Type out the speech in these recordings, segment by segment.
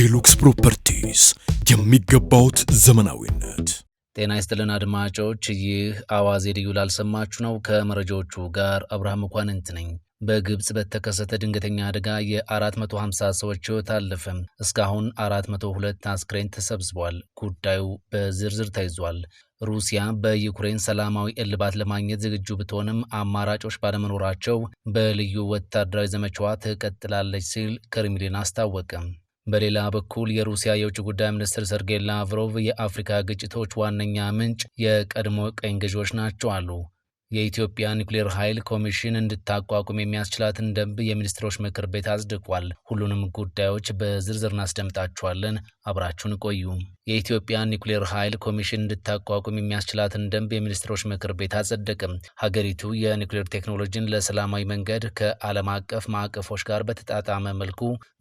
ዴሉክስ ፕሮፐርቲስ የሚገባውት ዘመናዊነት። ጤና ይስጥልን አድማጮች፣ ይህ አዋዜ ልዩ ላልሰማችሁ ነው። ከመረጃዎቹ ጋር አብርሃም እኳንንት ነኝ። በግብፅ በተከሰተ ድንገተኛ አደጋ የ450 ሰዎች ሕይወት አለፈ። እስካሁን 402 አስክሬን ተሰብስቧል። ጉዳዩ በዝርዝር ተይዟል። ሩሲያ በዩክሬን ሰላማዊ እልባት ለማግኘት ዝግጁ ብትሆንም አማራጮች ባለመኖራቸው በልዩ ወታደራዊ ዘመቻዋ ትቀጥላለች ሲል ክሬምሊን አስታወቀ። በሌላ በኩል የሩሲያ የውጭ ጉዳይ ሚኒስትር ሰርጌይ ላቭሮቭ የአፍሪካ ግጭቶች ዋነኛ ምንጭ የቀድሞ ቀኝ ገዢዎች ናቸው አሉ። የኢትዮጵያ ኒውክሌር ኃይል ኮሚሽን እንድታቋቁም የሚያስችላትን ደንብ የሚኒስትሮች ምክር ቤት አጽድቋል። ሁሉንም ጉዳዮች በዝርዝር እናስደምጣችኋለን። አብራችሁን ቆዩ። የኢትዮጵያ ኒውክሌር ኃይል ኮሚሽን እንድታቋቁም የሚያስችላትን ደንብ የሚኒስትሮች ምክር ቤት አጸደቅም። ሀገሪቱ የኒውክሌር ቴክኖሎጂን ለሰላማዊ መንገድ ከዓለም አቀፍ ማዕቀፎች ጋር በተጣጣመ መልኩ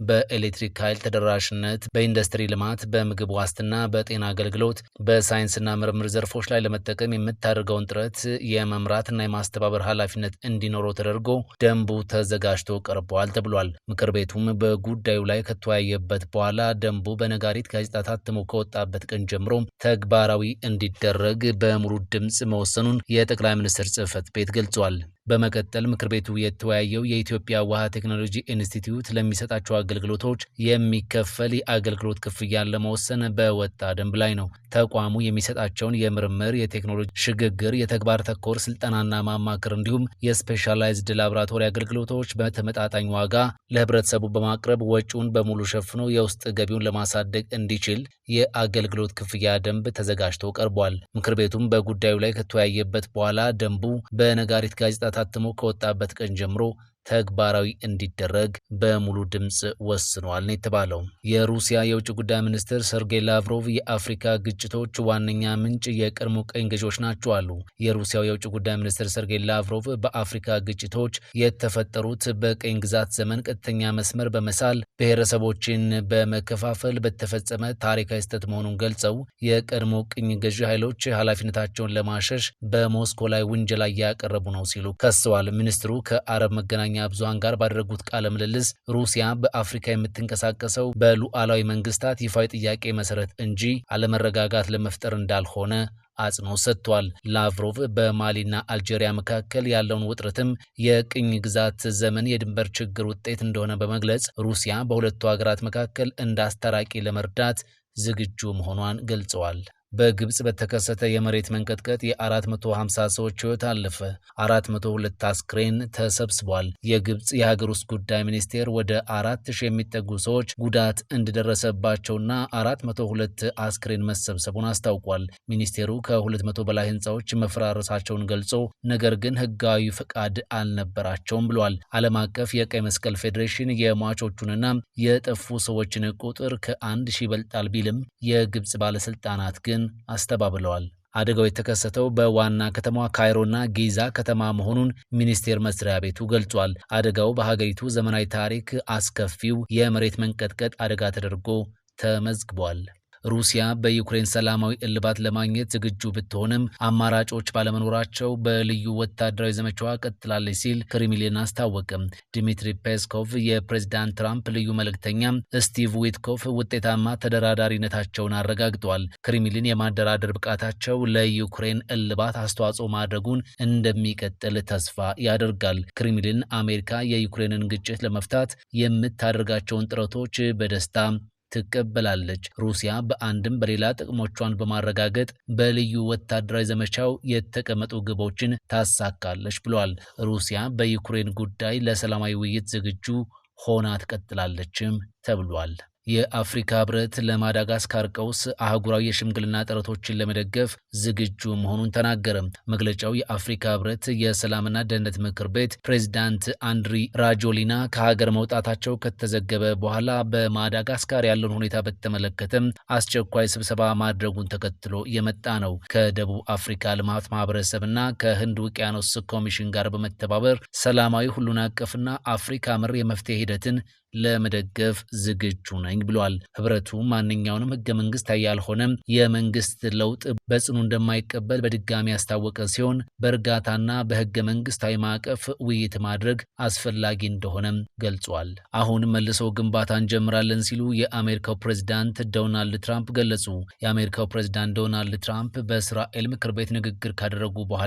በኤሌክትሪክ ኃይል ተደራሽነት፣ በኢንዱስትሪ ልማት፣ በምግብ ዋስትና፣ በጤና አገልግሎት፣ በሳይንስና ምርምር ዘርፎች ላይ ለመጠቀም የምታደርገውን ጥረት የመምራት የመምራትና የማስተባበር ኃላፊነት እንዲኖረው ተደርጎ ደንቡ ተዘጋጅቶ ቀርበዋል ተብሏል። ምክር ቤቱም በጉዳዩ ላይ ከተወያየበት በኋላ ደንቡ በነጋሪት ጋዜጣ ታትሞ ከወጣበት ቀን ጀምሮ ተግባራዊ እንዲደረግ በሙሉ ድምፅ መወሰኑን የጠቅላይ ሚኒስትር ጽህፈት ቤት ገልጿል። በመቀጠል ምክር ቤቱ የተወያየው የኢትዮጵያ ውሃ ቴክኖሎጂ ኢንስቲትዩት ለሚሰጣቸው አገልግሎቶች የሚከፈል የአገልግሎት ክፍያን ለመወሰን በወጣ ደንብ ላይ ነው። ተቋሙ የሚሰጣቸውን የምርምር፣ የቴክኖሎጂ ሽግግር፣ የተግባር ተኮር ስልጠናና ማማከር እንዲሁም የስፔሻላይዝድ ላቦራቶሪ አገልግሎቶች በተመጣጣኝ ዋጋ ለህብረተሰቡ በማቅረብ ወጪውን በሙሉ ሸፍኖ የውስጥ ገቢውን ለማሳደግ እንዲችል የአገልግሎት ክፍያ ደንብ ተዘጋጅቶ ቀርቧል። ምክር ቤቱም በጉዳዩ ላይ ከተወያየበት በኋላ ደንቡ በነጋሪት ጋዜጣ ታትሞ ከወጣበት ቀን ጀምሮ ተግባራዊ እንዲደረግ በሙሉ ድምፅ ወስኗል ነው የተባለው። የሩሲያ የውጭ ጉዳይ ሚኒስትር ሰርጌይ ላቭሮቭ የአፍሪካ ግጭቶች ዋነኛ ምንጭ የቀድሞ ቀኝ ገዢዎች ናቸው አሉ። የሩሲያው የውጭ ጉዳይ ሚኒስትር ሰርጌይ ላቭሮቭ በአፍሪካ ግጭቶች የተፈጠሩት በቀኝ ግዛት ዘመን ቀጥተኛ መስመር በመሳል ብሔረሰቦችን በመከፋፈል በተፈጸመ ታሪካዊ ስህተት መሆኑን ገልጸው የቀድሞ ቅኝ ገዢ ኃይሎች ኃላፊነታቸውን ለማሸሽ በሞስኮ ላይ ውንጀላ እያቀረቡ ነው ሲሉ ከሰዋል። ሚኒስትሩ ከአረብ መገናኛ ብዙሃን ጋር ባደረጉት ቃለ ምልልስ ሩሲያ በአፍሪካ የምትንቀሳቀሰው በሉዓላዊ መንግስታት ይፋዊ ጥያቄ መሰረት እንጂ አለመረጋጋት ለመፍጠር እንዳልሆነ አጽንኦት ሰጥቷል። ላቭሮቭ በማሊና አልጄሪያ መካከል ያለውን ውጥረትም የቅኝ ግዛት ዘመን የድንበር ችግር ውጤት እንደሆነ በመግለጽ ሩሲያ በሁለቱ ሀገራት መካከል እንደ አስታራቂ ለመርዳት ዝግጁ መሆኗን ገልጸዋል። በግብፅ በተከሰተ የመሬት መንቀጥቀጥ የ450 ሰዎች ሕይወት አለፈ። 402 አስክሬን ተሰብስቧል። የግብፅ የሀገር ውስጥ ጉዳይ ሚኒስቴር ወደ 4000 የሚጠጉ ሰዎች ጉዳት እንደደረሰባቸውና 402 አስክሬን መሰብሰቡን አስታውቋል። ሚኒስቴሩ ከ200 በላይ ህንፃዎች መፈራረሳቸውን ገልጾ ነገር ግን ህጋዊ ፈቃድ አልነበራቸውም ብሏል። ዓለም አቀፍ የቀይ መስቀል ፌዴሬሽን የሟቾቹንና የጠፉ ሰዎችን ቁጥር ከአንድ ሺህ ይበልጣል ቢልም የግብፅ ባለስልጣናት ግን ጥቃቶችን አስተባብለዋል። አደጋው የተከሰተው በዋና ከተማዋ ካይሮና ጊዛ ከተማ መሆኑን ሚኒስቴር መስሪያ ቤቱ ገልጿል። አደጋው በሀገሪቱ ዘመናዊ ታሪክ አስከፊው የመሬት መንቀጥቀጥ አደጋ ተደርጎ ተመዝግቧል። ሩሲያ በዩክሬን ሰላማዊ እልባት ለማግኘት ዝግጁ ብትሆንም አማራጮች ባለመኖራቸው በልዩ ወታደራዊ ዘመቻዋ ቀጥላለች ሲል ክሪምሊን አስታወቅም። ዲሚትሪ ፔስኮቭ የፕሬዚዳንት ትራምፕ ልዩ መልእክተኛ ስቲቭ ዊትኮፍ ውጤታማ ተደራዳሪነታቸውን አረጋግጠዋል። ክሪምሊን የማደራደር ብቃታቸው ለዩክሬን እልባት አስተዋጽኦ ማድረጉን እንደሚቀጥል ተስፋ ያደርጋል። ክሪምሊን አሜሪካ የዩክሬንን ግጭት ለመፍታት የምታደርጋቸውን ጥረቶች በደስታ ትቀበላለች። ሩሲያ በአንድም በሌላ ጥቅሞቿን በማረጋገጥ በልዩ ወታደራዊ ዘመቻው የተቀመጡ ግቦችን ታሳካለች ብሏል። ሩሲያ በዩክሬን ጉዳይ ለሰላማዊ ውይይት ዝግጁ ሆና ትቀጥላለችም ተብሏል። የአፍሪካ ህብረት ለማዳጋስካር ቀውስ አህጉራዊ የሽምግልና ጥረቶችን ለመደገፍ ዝግጁ መሆኑን ተናገረ። መግለጫው የአፍሪካ ህብረት የሰላምና ደህንነት ምክር ቤት ፕሬዚዳንት አንድሪ ራጆሊና ከሀገር መውጣታቸው ከተዘገበ በኋላ በማዳጋስካር ያለውን ሁኔታ በተመለከተም አስቸኳይ ስብሰባ ማድረጉን ተከትሎ የመጣ ነው። ከደቡብ አፍሪካ ልማት ማህበረሰብና ከህንድ ውቅያኖስ ኮሚሽን ጋር በመተባበር ሰላማዊ ሁሉን አቀፍና አፍሪካ ምር የመፍትሄ ሂደትን ለመደገፍ ዝግጁ ነኝ ብሏል። ህብረቱ ማንኛውንም ህገ መንግስታዊ ያልሆነም የመንግስት ለውጥ በጽኑ እንደማይቀበል በድጋሚ ያስታወቀ ሲሆን በእርጋታና በህገ መንግስታዊ ማዕቀፍ ውይይት ማድረግ አስፈላጊ እንደሆነም ገልጿል። አሁን መልሶ ግንባታ እንጀምራለን ሲሉ የአሜሪካው ፕሬዚዳንት ዶናልድ ትራምፕ ገለጹ። የአሜሪካው ፕሬዚዳንት ዶናልድ ትራምፕ በእስራኤል ምክር ቤት ንግግር ካደረጉ በኋላ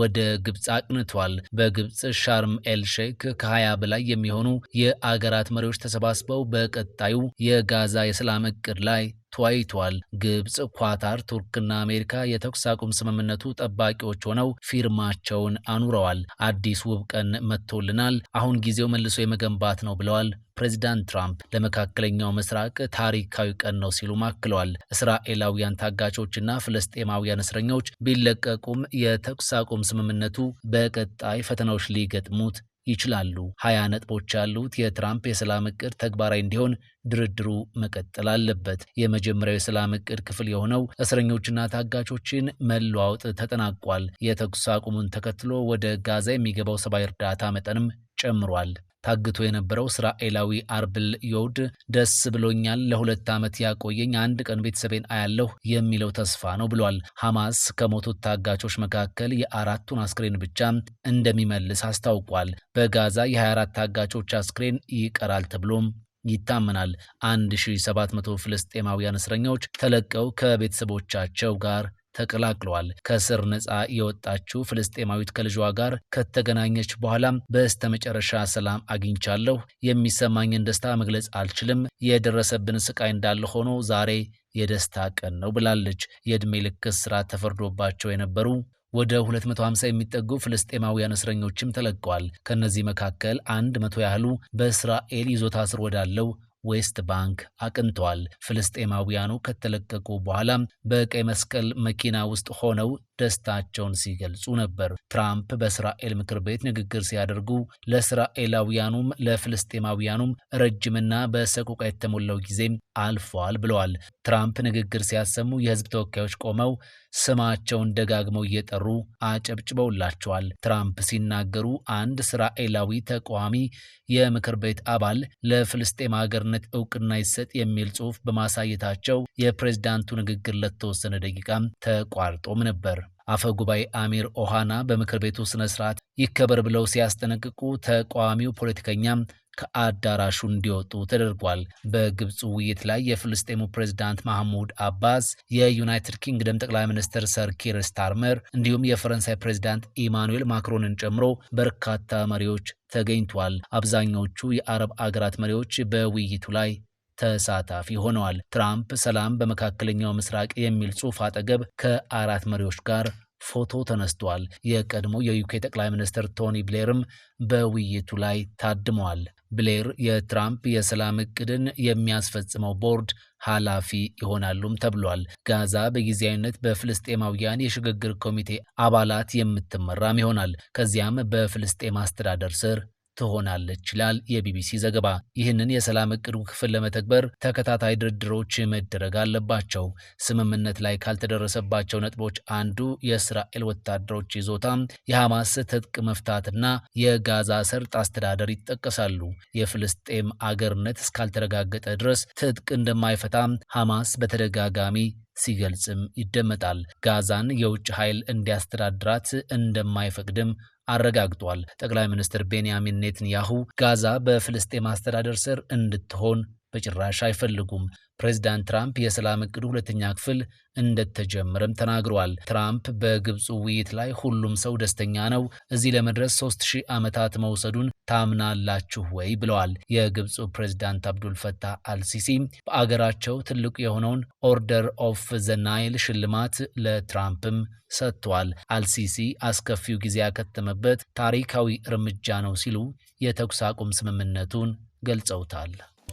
ወደ ግብፅ አቅንቷል። በግብፅ ሻርም ኤል ሼክ ከ20 በላይ የሚሆኑ የአገራት መሪዎች ተሰባስበው በቀጣዩ የጋዛ የሰላም እቅድ ላይ ተወያይተዋል። ግብጽ፣ ኳታር፣ ቱርክና አሜሪካ የተኩስ አቁም ስምምነቱ ጠባቂዎች ሆነው ፊርማቸውን አኑረዋል። አዲስ ውብ ቀን መጥቶልናል፣ አሁን ጊዜው መልሶ የመገንባት ነው ብለዋል ፕሬዚዳንት ትራምፕ። ለመካከለኛው ምስራቅ ታሪካዊ ቀን ነው ሲሉ አክለዋል። እስራኤላውያን ታጋቾችና ፍልስጤማውያን እስረኞች ቢለቀቁም የተኩስ አቁም ስምምነቱ በቀጣይ ፈተናዎች ሊገጥሙት ይችላሉ። ሀያ ነጥቦች ያሉት የትራምፕ የሰላም እቅድ ተግባራዊ እንዲሆን ድርድሩ መቀጠል አለበት። የመጀመሪያው የሰላም እቅድ ክፍል የሆነው እስረኞችና ታጋቾችን መለዋወጥ ተጠናቋል። የተኩስ አቁሙን ተከትሎ ወደ ጋዛ የሚገባው ሰብአዊ እርዳታ መጠንም ጨምሯል። ታግቶ የነበረው እስራኤላዊ አርብል ዮውድ ደስ ብሎኛል፣ ለሁለት ዓመት ያቆየኝ አንድ ቀን ቤተሰቤን አያለሁ የሚለው ተስፋ ነው ብሏል። ሐማስ ከሞቱት ታጋቾች መካከል የአራቱን አስክሬን ብቻ እንደሚመልስ አስታውቋል። በጋዛ የ24 ታጋቾች አስክሬን ይቀራል ተብሎም ይታመናል። 1700 ፍልስጤማውያን እስረኛዎች ተለቀው ከቤተሰቦቻቸው ጋር ተቀላቅለዋል። ከእስር ነፃ የወጣችው ፍልስጤማዊት ከልጇ ጋር ከተገናኘች በኋላም በስተመጨረሻ ሰላም አግኝቻለሁ፣ የሚሰማኝን ደስታ መግለጽ አልችልም፣ የደረሰብን ስቃይ እንዳለ ሆኖ ዛሬ የደስታ ቀን ነው ብላለች። የዕድሜ ልክ እስራት ተፈርዶባቸው የነበሩ ወደ 250 የሚጠጉ ፍልስጤማውያን እስረኞችም ተለቀዋል። ከእነዚህ መካከል አንድ መቶ ያህሉ በእስራኤል ይዞታ ስር ወዳለው ዌስት ባንክ አቅንተዋል። ፍልስጤማውያኑ ከተለቀቁ በኋላ በቀይ መስቀል መኪና ውስጥ ሆነው ደስታቸውን ሲገልጹ ነበር። ትራምፕ በእስራኤል ምክር ቤት ንግግር ሲያደርጉ ለእስራኤላውያኑም ለፍልስጤማውያኑም ረጅምና በሰቆቃ የተሞላው ጊዜም አልፏል ብለዋል። ትራምፕ ንግግር ሲያሰሙ የህዝብ ተወካዮች ቆመው ስማቸውን ደጋግመው እየጠሩ አጨብጭበውላቸዋል። ትራምፕ ሲናገሩ አንድ እስራኤላዊ ተቃዋሚ የምክር ቤት አባል ለፍልስጤም ሀገርነት እውቅና ይሰጥ የሚል ጽሑፍ በማሳየታቸው የፕሬዝዳንቱ ንግግር ለተወሰነ ደቂቃም ተቋርጦም ነበር። አፈ ጉባኤ አሚር ኦሃና በምክር ቤቱ ስነ ስርዓት ይከበር ብለው ሲያስጠነቅቁ ተቃዋሚው ፖለቲከኛም ከአዳራሹ እንዲወጡ ተደርጓል። በግብፁ ውይይት ላይ የፍልስጤሙ ፕሬዝዳንት ማህሙድ አባስ፣ የዩናይትድ ኪንግደም ጠቅላይ ሚኒስትር ሰር ኪር ስታርመር እንዲሁም የፈረንሳይ ፕሬዝዳንት ኢማኑኤል ማክሮንን ጨምሮ በርካታ መሪዎች ተገኝቷል። አብዛኛዎቹ የአረብ አገራት መሪዎች በውይይቱ ላይ ተሳታፊ ሆነዋል። ትራምፕ ሰላም በመካከለኛው ምስራቅ የሚል ጽሑፍ አጠገብ ከአራት መሪዎች ጋር ፎቶ ተነስቷል። የቀድሞ የዩኬ ጠቅላይ ሚኒስትር ቶኒ ብሌርም በውይይቱ ላይ ታድመዋል። ብሌር የትራምፕ የሰላም እቅድን የሚያስፈጽመው ቦርድ ኃላፊ ይሆናሉም ተብሏል። ጋዛ በጊዜያዊነት በፍልስጤማውያን የሽግግር ኮሚቴ አባላት የምትመራም ይሆናል። ከዚያም በፍልስጤም አስተዳደር ስር ትሆናለች ይላል የቢቢሲ ዘገባ። ይህንን የሰላም እቅዱ ክፍል ለመተግበር ተከታታይ ድርድሮች መደረግ አለባቸው። ስምምነት ላይ ካልተደረሰባቸው ነጥቦች አንዱ የእስራኤል ወታደሮች ይዞታ፣ የሐማስ ትጥቅ መፍታትና የጋዛ ሰርጥ አስተዳደር ይጠቀሳሉ። የፍልስጤም አገርነት እስካልተረጋገጠ ድረስ ትጥቅ እንደማይፈታ ሐማስ በተደጋጋሚ ሲገልጽም ይደመጣል። ጋዛን የውጭ ኃይል እንዲያስተዳድራት እንደማይፈቅድም አረጋግጧል። ጠቅላይ ሚኒስትር ቤንያሚን ኔትንያሁ ጋዛ በፍልስጤም አስተዳደር ስር እንድትሆን በጭራሽ አይፈልጉም። ፕሬዚዳንት ትራምፕ የሰላም እቅዱ ሁለተኛ ክፍል እንደተጀመረም ተናግረዋል። ትራምፕ በግብፁ ውይይት ላይ ሁሉም ሰው ደስተኛ ነው፣ እዚህ ለመድረስ ሶስት ሺህ ዓመታት መውሰዱን ታምናላችሁ ወይ ብለዋል። የግብፁ ፕሬዚዳንት አብዱልፈታህ አልሲሲ በአገራቸው ትልቁ የሆነውን ኦርደር ኦፍ ዘናይል ሽልማት ለትራምፕም ሰጥቷል። አልሲሲ አስከፊው ጊዜ ያከተመበት ታሪካዊ እርምጃ ነው ሲሉ የተኩስ አቁም ስምምነቱን ገልጸውታል።